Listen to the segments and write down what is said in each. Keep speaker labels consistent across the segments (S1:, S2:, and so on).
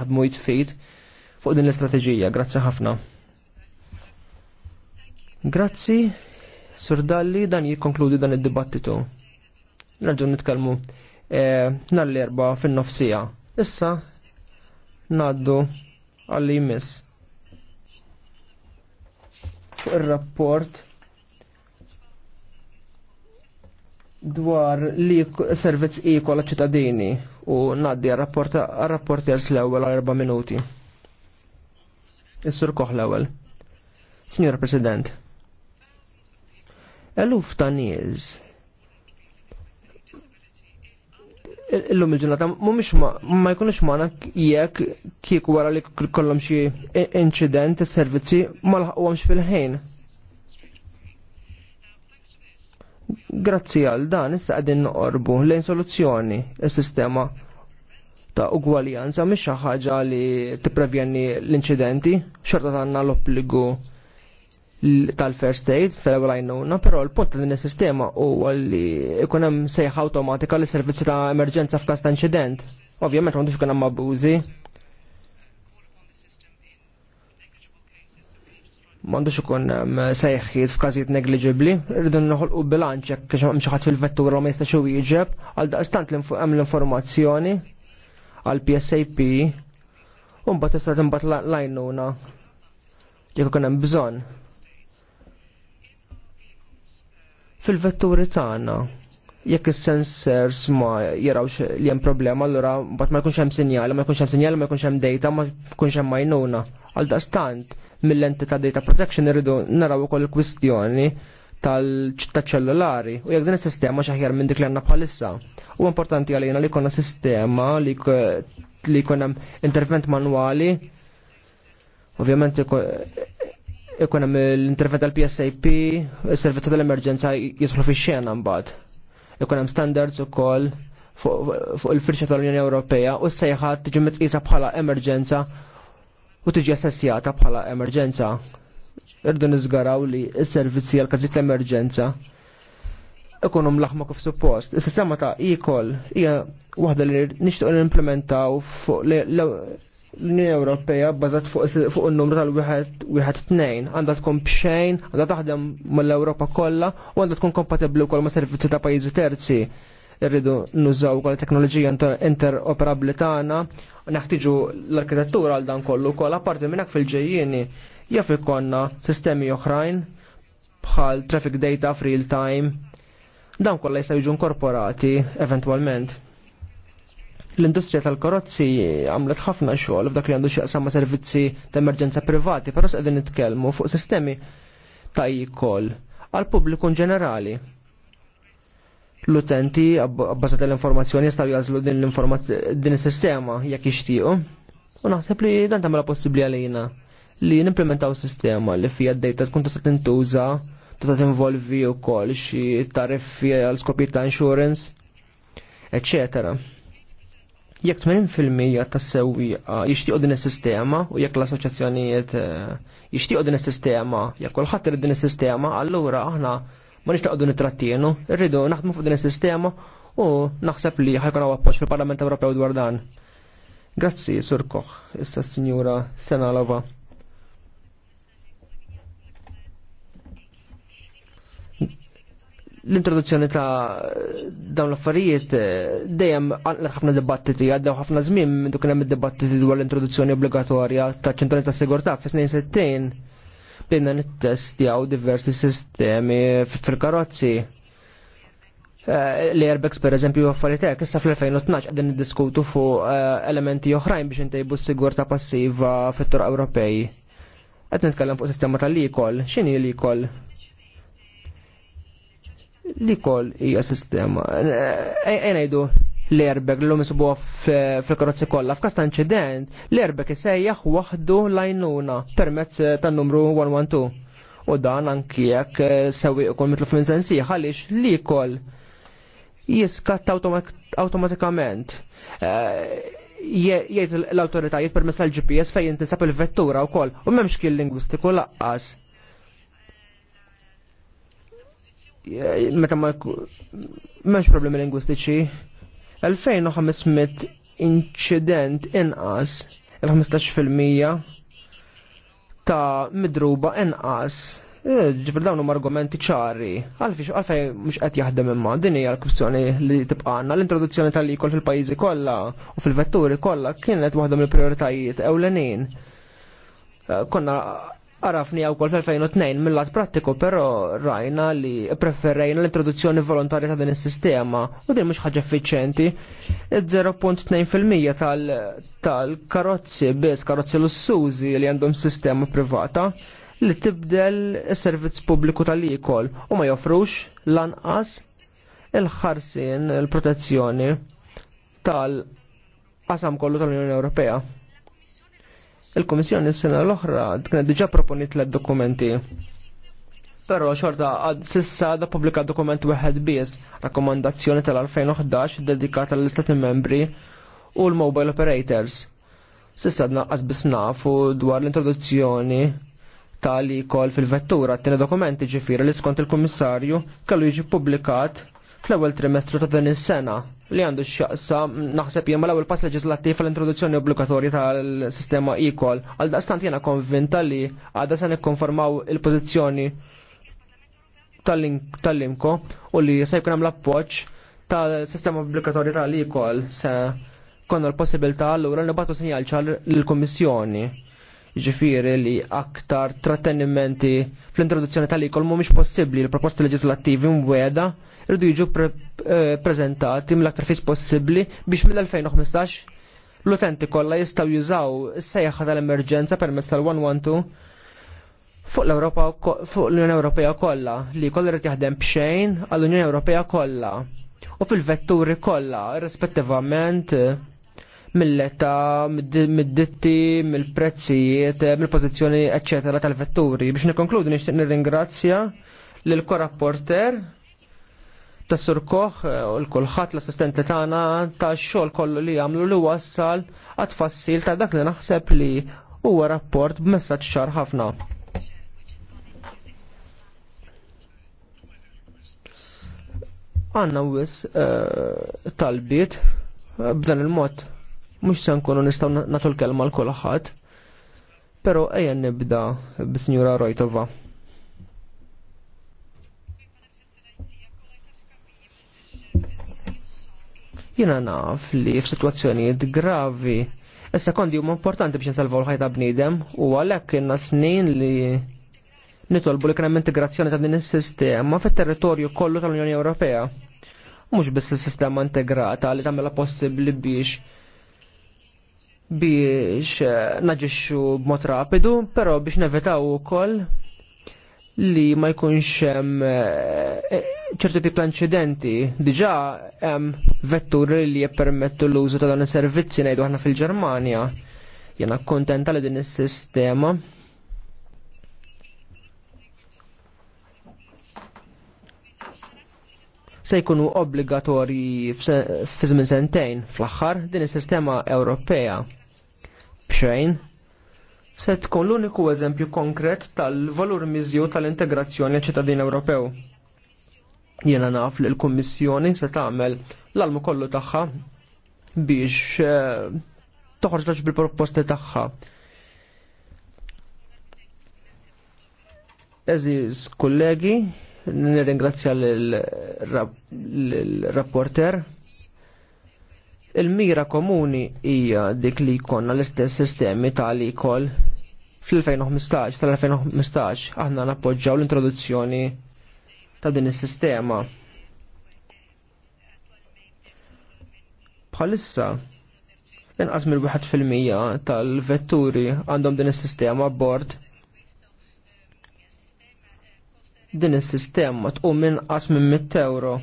S1: għadmu jitfid fuq din l-istrateġija. Grazzi ħafna. Grazzi, Sur Dalli, dan jikkonkludi dan id-dibattitu. Nerġu nitkellmu eh, nhar l-erba fin-nofsija. Issa ngħaddu għalli jmiss fuq ir-rapport dwar li servizz ikola ċittadini u naddi għal-rapporters l-ewel għal erba minuti. Is-sur koħ l-ewel. Signor President, eluf ta' nies illum il-ġurnata mhumiex ma jkunux magħna jekk kieku wara li kollom xi incident is-servizzi ma laħquhomx fil-ħin. Grazzi għal dan issa qegħdin noqorbu lejn soluzzjoni s-sistema ta' ugwaljanza mish xi ħaġa li tipprevjeni l-inċidenti, xorta għanna l-obbligu tal-first aid tal-ewwel għajnuna, però l-punt ta' din is-sistema huwa li jkun hemm sejħa awtomatika lis servizzi ta' emerġenza f'każ ta' incident. Ovvjament m'għandux ikun hemm abbużi, M'għandux ikun ehm, sejħiet f'każijiet negliġibbli, rridu noħolqu bilanċ jekk hemm xi fil-vettura ma jistax jieġeb, għal daqstant hemm l-informazzjoni għal PSAP u mbagħad tista' tinbagħat lajnuna jekk ikun hemm bżonn. Fil-vetturi tagħna jekk is-sensors ma jarawx li hemm problema, allura mbagħad ma jkunx hemm sinjali, ma jkunx hemm sinjali, ma jkunx hemm data, ma jkunx hemm majnuna. Għal daqstant, mill-entità data protection irridu naraw ukoll il-kwistjoni tal-ċellulari u jekk din is-sistema xaħjar minn dik li għandna bħalissa. U importanti għalina li jkollna sistema li jkun hemm intervent manwali ovvjament ikun hemm l-intervent tal-PSAP, is-servizzi tal-emerġenza jidħlu fix-xena mbagħad. Ikun hemm standards ukoll fuq il-firxa tal-Unjoni Ewropea u s-sejħat tiġi mitqisa bħala emerġenza u tiġi assessjata bħala emerġenza. Irdu niżgaraw li s-servizzi għal l emerġenza ikunum laħma kif suppost. Is-sistema ta' e-call hija waħda li nixtieq nimplementaw fuq l-Unjoni Ewropea bbażat fuq in-numru tal-wieħed tnejn għandha tkun b'xejn, għandha taħdem mal-Ewropa kollha u għandha tkun kompatibbli wkoll ma' servizzi ta' pajjiżi terzi irridu nużaw kol teknoloġija interoperabli tagħna u naħtiġu l-arkitettura għal dan kollu kol apparti minn hekk fil-ġejjieni jaf ikonna sistemi oħrajn bħal traffic data real time dan kollha jistgħu jiġu inkorporati eventwalment l-industrija tal-karozzi għamlet ħafna xogħol f'dak li għandu x'jaqsam ma' servizzi ta' emerġenza privati, però s'qegħdin nitkellmu fuq sistemi tajji kol għal pubbliku ġenerali l-utenti abbażat l-informazzjoni jistaw jażlu din din is-sistema jekk jixtiequ. U naħseb li dan tamela possibbli għalina li n-implementaw sistema li fija d-data tkun tista' tintuża tista' tinvolvi wkoll xi tariffi għal skopi ta' insurance, eċetera. Jekk 80% tas-sewwieqa jixtiequ din is-sistema u jekk l-assoċjazzjonijiet eh, jixtiequ din is-sistema, jekk kolħat irid din is-sistema, allura aħna ma nix taqdu nitrattienu, irridu naħdmu fuq din is-sistema u naħseb li ħajkun hawn fil-Parlament Ewropew dwar dan. Grazzi, Sur Koch, issa Sinjura Senalova. l-introduzzjoni ta' dawn l-affarijiet eh, dejjem għandna ħafna dibattiti, għaddew ħafna żmien dok hemm id-dibattiti dwar l-introduzzjoni obbligatorja ta' ċentrali ta' sigurtà fis-snin bdejna nittestjaw diversi sistemi fil-karozzi. Eh, li airbags per eżempju għaffaritek, issa fl-2012 għadin diskutu fuq eh, elementi oħrajn biex intejbu s-sigurta passiva fit tur Ewropej. Għed nitkellem fuq sistema tal-likol, xini l Likol hija sistema. Ejnejdu, eh, l-airbag l-lum jisibuha fil-karozzi kollha. F'każ ta' inċident, l-airbag isejjaħ waħdu lajnuna permezz tan-numru 112. U dan anki jekk eh, sewi ikun mitlu f'min sensiħ għaliex li kol jiskatta automatikament. Eh, jgħid l-autoritajiet permezz l gps fejn tinsab il-vettura wkoll u m'hemmx kien lingwistiku laqqas. Eh, meta ma m'hemmx problemi lingwistiċi 2500 incident inqas il-15% ta' midruba inqas. Eh, ġifir dawn huma argumenti ċari. Għalfiex għalfej mhux qed jaħdem imma din hija l-kwistjoni li tibqanna l-introduzzjoni tal-ikol fil-pajjiżi kollha u fil-vetturi kollha kienet waħda mill-prijoritajiet ewlenin. Eh, konna Arafni għaw kol fil-2002 mill-lat pratiku, pero rajna li preferrejna l-introduzzjoni volontarja ta' din is-sistema u din mhux ħaġa effiċenti. 0.2% tal-karozzi biss karozzi lussużi li għandhom sistema privata li tibdel is-servizz pubbliku tal-ikol u ma joffrux lanqas il-ħarsin, il-protezzjoni tal-qasam kollu tal-Unjoni Ewropea. Il-Komissjoni s-sena l-oħra kienet diġa proponit l dokumenti Pero xorta għad sissa da publika dokument wieħed biss, rakkomandazzjoni tal-2011 dedikata l-Istati membri u l-mobile operators. Sissa naqqas biss nafu dwar l-introduzzjoni tal kol fil-vettura t tini dokumenti ġifiri li skont il-Kummissarju kellu jiġi publikat fl-ewwel trimestru ta' din is-sena li għandu xaqsa mm, naħseb jemma l ewwel pass leġislattiv l-introduzzjoni obbligatorja tal-sistema ikol. Għal daqstant jiena konvinta li għadha se nikkonformaw il-pożizzjoni tal-imko u li se jkun hemm l-appoġġ tal-sistema obbligatorja tal-ikol se konna l-possibilità allura nibatu sinjal ċar l-Kommissjoni ġifiri li aktar trattenimenti fl-introduzzjoni tal-ikol mhumiex possibbli l-proposti leġislattivi mweda irridu jiġu pre eh, prezentati mill-aktar fis possibbli biex mill-2015 l-utenti kollha jistgħu jużaw is-sejħa tal-emerġenza permezz tal-112 fuq l-Ewropa fuq l-Unjoni Ewropea kollha li kolla irid jaħdem b'xejn għall-Unjoni Ewropea kollha u fil-vetturi kollha rispettivament eh, mill letta mid-ditti, mill-prezzijiet, mill-pożizzjoni eċċetera tal-vetturi. Biex nikkonkludi nixtieq nirringrazzja eh, l korrapporter ta' surkoħ u l-kulħadd l-assistent li tagħna tax-xogħol kollu li jagħmlu li wassal għat ta' dak li naħseb li huwa rapport b'messaġġ ċar ħafna. Għanna wis eh, talbiet eh, b'dan il-mod mhux se nkunu nistgħu nagħtu l-kelma l kulħadd. Però ejja nibda bis-Sinjura Rojtova. Jiena naf li f'sitwazzjonijiet gravi issa kondi huma importanti biex nsalvaw l-ħajta bniedem u għalhekk inna snin li nitolbu li hemm integrazzjoni ta' din is-sistema fit-territorju kollu tal-Unjoni Ewropea. Mhux biss is-sistema integrata li tagħmilha possibbli biex biex eh, naġixxu b'mod rapidu, però biex nevetaw ukoll li ma jkunx hemm eh, eh, ċertu tip ta' incidenti Diġà hemm vetturi li jippermettu l-użu ta' dan is-servizzi ngħidu aħna fil-Ġermanja. Jena kontenta li din is-sistema se jkunu obbligatorji fi żmien sentejn fl-aħħar din is-sistema Ewropea xejn se tkun l-uniku eżempju konkret tal-valur miżju tal-integrazzjoni ċittadin Ewropew. Jiena naf li l-Kummissjoni se tagħmel l-almu kollu tagħha biex eh, toħroġ bil-proposti tagħha. Eżiz kollegi, nirringrazzja l-rapporter Il-mira komuni hija dik li jkollna l-istess sistemi tal ikol fl-2015 tal-2015 aħna nappoġġaw l-introduzzjoni ta' din is-sistema. Bħalissa inqas mill-1% tal-vetturi għandhom din is-sistema bord din is-sistema tqum inqas minn 100 euro.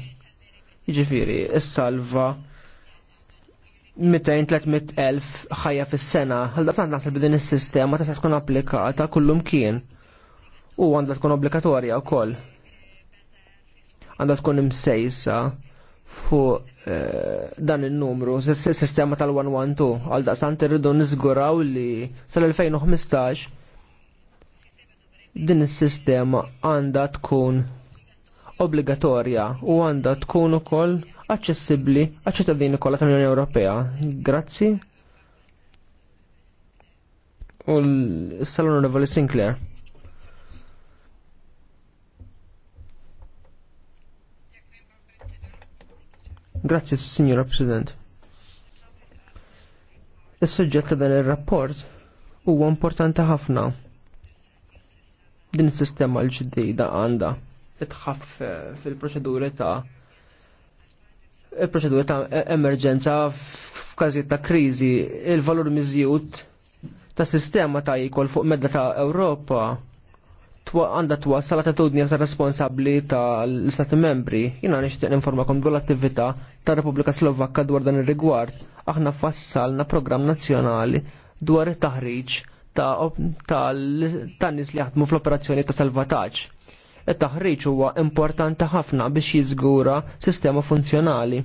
S1: Jiġifieri, is-salva 200-300 elf ħajja fis-sena. Għalda sant naħseb li din is-sistema tista' tkun applikata kullum kien. U għandha tkun obbligatorja wkoll. Għandha tkun imsejsa fuq eh, dan il-numru, sistema tal-112, għal t irridu nizguraw li sal-2015 din is-sistema għandha tkun obbligatorja u għandha tkun ukoll aċċessibbli għal ċittadini kollha tal-Unjoni Ewropea. Grazzi. U l onorevoli Sinclair. Grazzi, Signora President. Is-suġġett ta' dan ir-rapport huwa importanti ħafna. Din is-sistema l-ġdida għandha itħaff fil-proċeduri ta' il-proċeduri ta' emerġenza f'każijiet ta' kriżi, il-valur miżjud ta' sistema ta' jkoll fuq medda ta' Ewropa għanda twassal attitudni ta' responsabli ta' l membri. Jina nixtieq informakom dwar l-attività ta' Repubblika Slovakka dwar dan ir-rigward. Aħna fassalna programm nazzjonali dwar it-taħriġ ta' tan-nies li jaħdmu fl-operazzjoni ta' salvataġġ it-taħriġ huwa importanti ħafna biex jiżgura sistema funzjonali.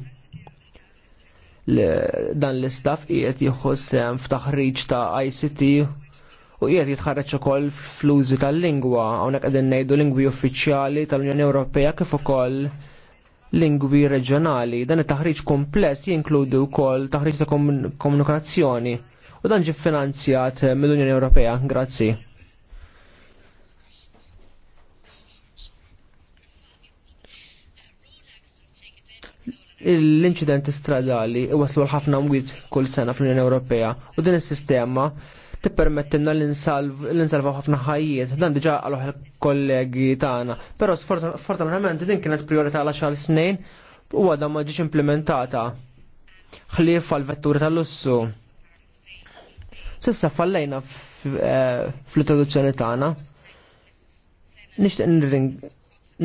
S1: Dan l-istaff qiegħed jieħu sehem f'taħriġ ta' ICT u qiegħed jitħarreġ ukoll fl-użi tal-lingwa hawnhekk qegħdin ngħidu lingwi uffiċjali tal-Unjoni Ewropea kif ukoll lingwi reġjonali. Dan it-taħriġ kompless jinkludi wkoll taħriġ ta' komunikazzjoni u dan ġi finanzjat mill-Unjoni Ewropea. Grazzi. l-inċidenti stradali iwaslu l-ħafna mwiet kull sena fl-Unjoni Ewropea u din is-sistema tippermettilna l-insalva ħafna ħajjiet, dan diġa għaluħ il-kollegi tagħna. Però sfortunatament din kienet priorità għal xar snin u għadha ma ġiġ implementata. Ħlief għal vetturi tal-lussu. Sissa fallejna eh, fl-introduzzjoni tagħna. Nixtieq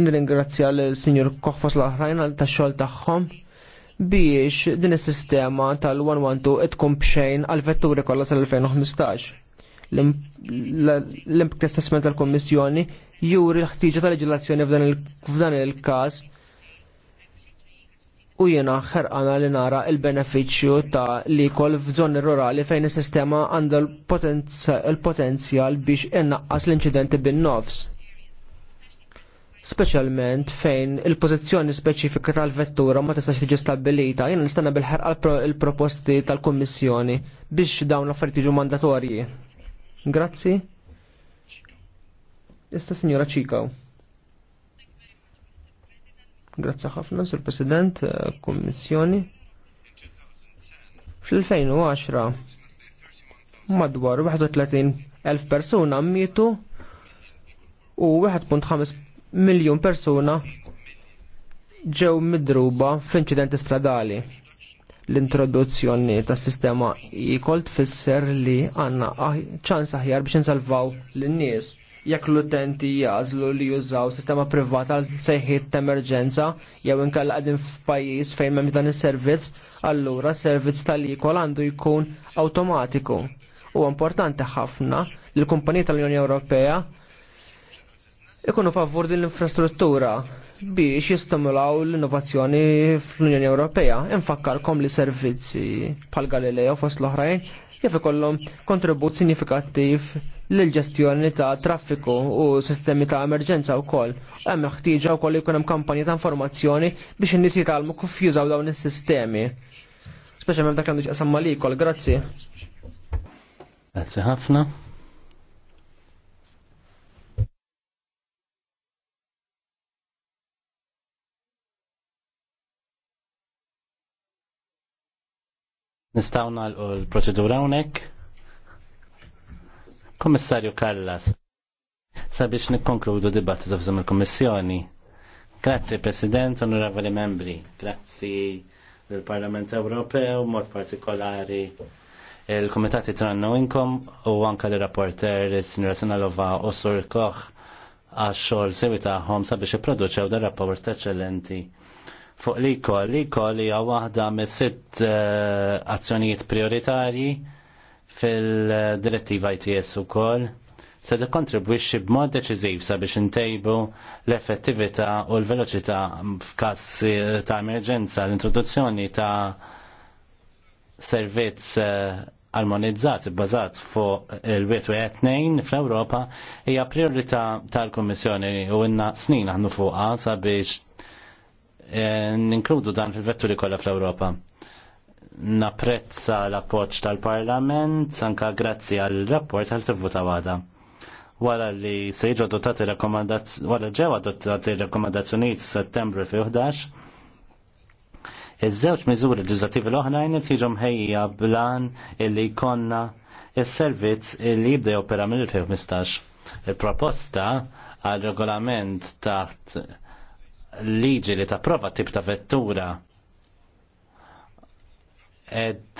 S1: nirringrazzja l-Sinjur Koħfos l-oħrajn għal tax-xogħol tagħhom biex din is-sistema tal-112 tkun bxejn għal vetturi kollha sal-2015. L-impact assessment tal-Kommissjoni juri l-ħtiġa tal-leġilazzjoni f'dan il-każ u jiena ħerqana li nara il-benefiċċju ta' li kol f'żoni rurali fejn is-sistema għandha l-potenzjal biex innaqqas l-inċidenti bin-nofs Speċjalment fejn il pożizzjoni speċifika tal-vettura ma tistax tiġi stabbilita, jiena nistanna bil-ħarqa il-proposti tal-Kommissjoni biex dawn l-affarijiet jiġu mandatorji. Grazzi. Ista Signora Cikaw. Grazzi ħafna, Sur President, eh, Kommissjoni. Fl-2010 madwar 31.000 elf persuna mietu u 1.5 miljun persuna ġew midruba f'inċidenti stradali. L-introduzzjoni tas sistema jkoll tfisser li għandna ċans aħjar biex insalvaw lin-nies. Jekk l-utenti jażlu li jużaw sistema privata għal sejħiet ta' emerġenza jew inkella qegħdin f'pajjiż fejn m'hemm dan is-servizz, allura servizz tal-ikol għandu jkun awtomatiku. Huwa importanti ħafna li l-kumpaniji tal-Unjoni Ewropea ikunu favur din l-infrastruttura biex jistimulaw l-innovazzjoni fl-Unjoni Ewropea. Infakkarkom li servizzi bħal Galileo fost l-oħrajn kif ikollhom kontribut sinifikattiv l-ġestjoni ta' traffiku u sistemi ta' emerġenza wkoll. Hemm ħtieġa wkoll jkun hemm kampanji ta' informazzjoni biex in-nies jitgħalmu kif jużaw dawn is-sistemi. Speċjalment dak għandu x'qasam malikol, grazzi.
S2: Grazzi ħafna. Nistaw nalqu l-proċedura hawnhekk. Kommissarju Kallas, sabiex nikkonkludu dibattitu f'żem il-Kommissjoni. Grazzi President, onorevoli membri, grazzi l-Parlament Ewropew, mod partikolari il-Komitati Trannu Inkom u anka l-rapporter Sinjora Sinalova u Sur Koch għax xogħol sewi tagħhom sabiex ipproduċew dar rapport eċċellenti fuq li koll, li koll hija waħda mis sitt eh, azzjonijiet prioritarji fil-direttiva ITS ukoll se tikkontribwixxi b'mod deċiżiv sabiex intejbu l-effettività u l-veloċità f'każ eh, ta' emerġenza l-introduzzjoni ta' servizz eh, armonizzat bbażat fuq il-wet u fl-Ewropa hija priorità tal-Kummissjoni u inna snin aħnu fuqha sabiex Eh, ninkludu dan fil-vetturi kollha fl-Ewropa. Napprezza l-appoġġ tal-Parlament sanka grazzi għal rapport għal tivvuta għada. Wara li se jiġu adottati rakkomandazzjoni wara ġew adottati rakkomandazzjonijiet f'Settembru fi 11, iż-żewġ miżuri leġislattivi l-oħrajn qed jiġu mħejja blan illi jkollna il servizz illi jibda jopera mill-2015. Il-proposta għal regolament taħt liġi li tapprova tip ta' vettura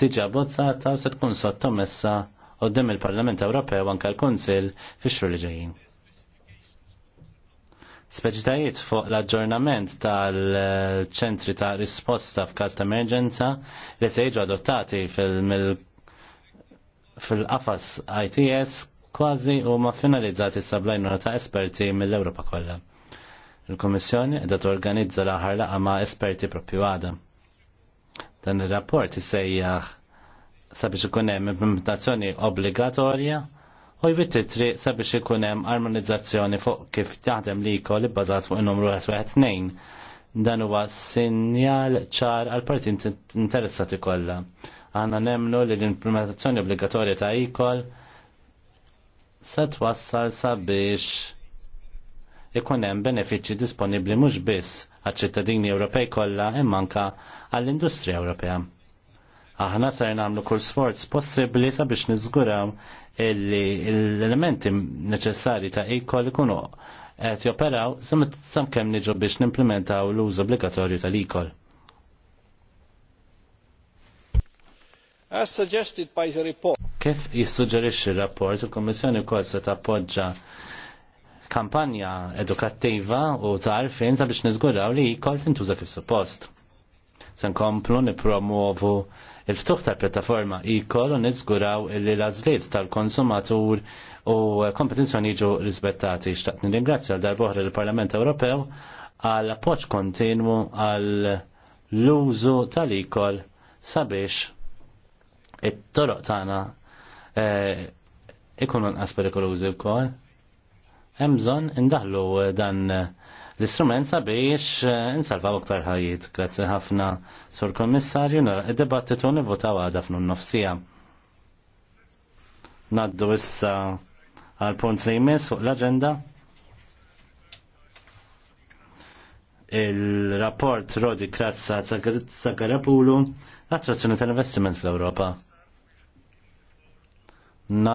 S2: tiġa e bozza ta' se tkun sottomessa qoddim il-Parlament Ewropew anke l-Kunsill fix-xhur li ġejjin. Speċitajiet fuq l-aġġornament tal-ċentri ta' risposta f'każ ta' emerġenza li se jiġu adottati fil-qafas ITS kważi huma finalizzati sablajnuna ta' esperti mill-Ewropa kollha. Il-Komissjoni qiegħda torganizza l-aħħar laqgħa ma' esperti propju għada. Dan ir-rapport isejjaħ sabiex ikun hemm implementazzjoni obbligatorja u jbittitri sabiex ikun hemm armonizzazzjoni fuq kif taħdem li jkoll ibbażat fuq in-numru 1 dan huwa sinjal ċar għal parti interessati kollha. Għanna nemlu li l-implementazzjoni obbligatorja ta' ikol se twassal sabiex ikun hemm benefiċċji disponibbli mhux biss għaċ-ċittadini Ewropej kollha imma anke għall-industrija Ewropea. Aħna ser nagħmlu kull sforz possibbli sabiex niżguraw illi l-elementi neċessari ta' ikol ikunu qed joperaw samkemm niġu biex nimplementaw l-użu obbligatorju tal-ikol. As suggested by the report. Kif jissuġġerixxi r-rapport, il-Kommissjoni wkoll se tappoġġa kampanja edukattiva u ta' għarfien sabiex niżguraw li kol tintuża kif suppost. Se nkomplu nipromuovu il-ftuħ tal-pjattaforma ikol u niżguraw li lażliet tal-konsumatur u kompetizjoni jiġu rispettati. Xtaqt nirringrazzja għal darbohra l-Parlament Ewropew għal appoġġ kontinwu għal l-użu tal-ikol sabiex it-toroq tagħna eh, ikunu nqas perikolużi wkoll hemm bżonn indaħlu eh, dan eh, l-istrument sabiex eh, insalvaw aktar ħajjiet. Grazzi ħafna sur kommissarju nara id debattitu nivvotaw għadha f'nun nofsija. Naddu issa għal punt li jmiss fuq l-aġenda. Il-rapport Rodi Kratza Zagarapulu l-attrazzjoni tal-investiment fl-Ewropa.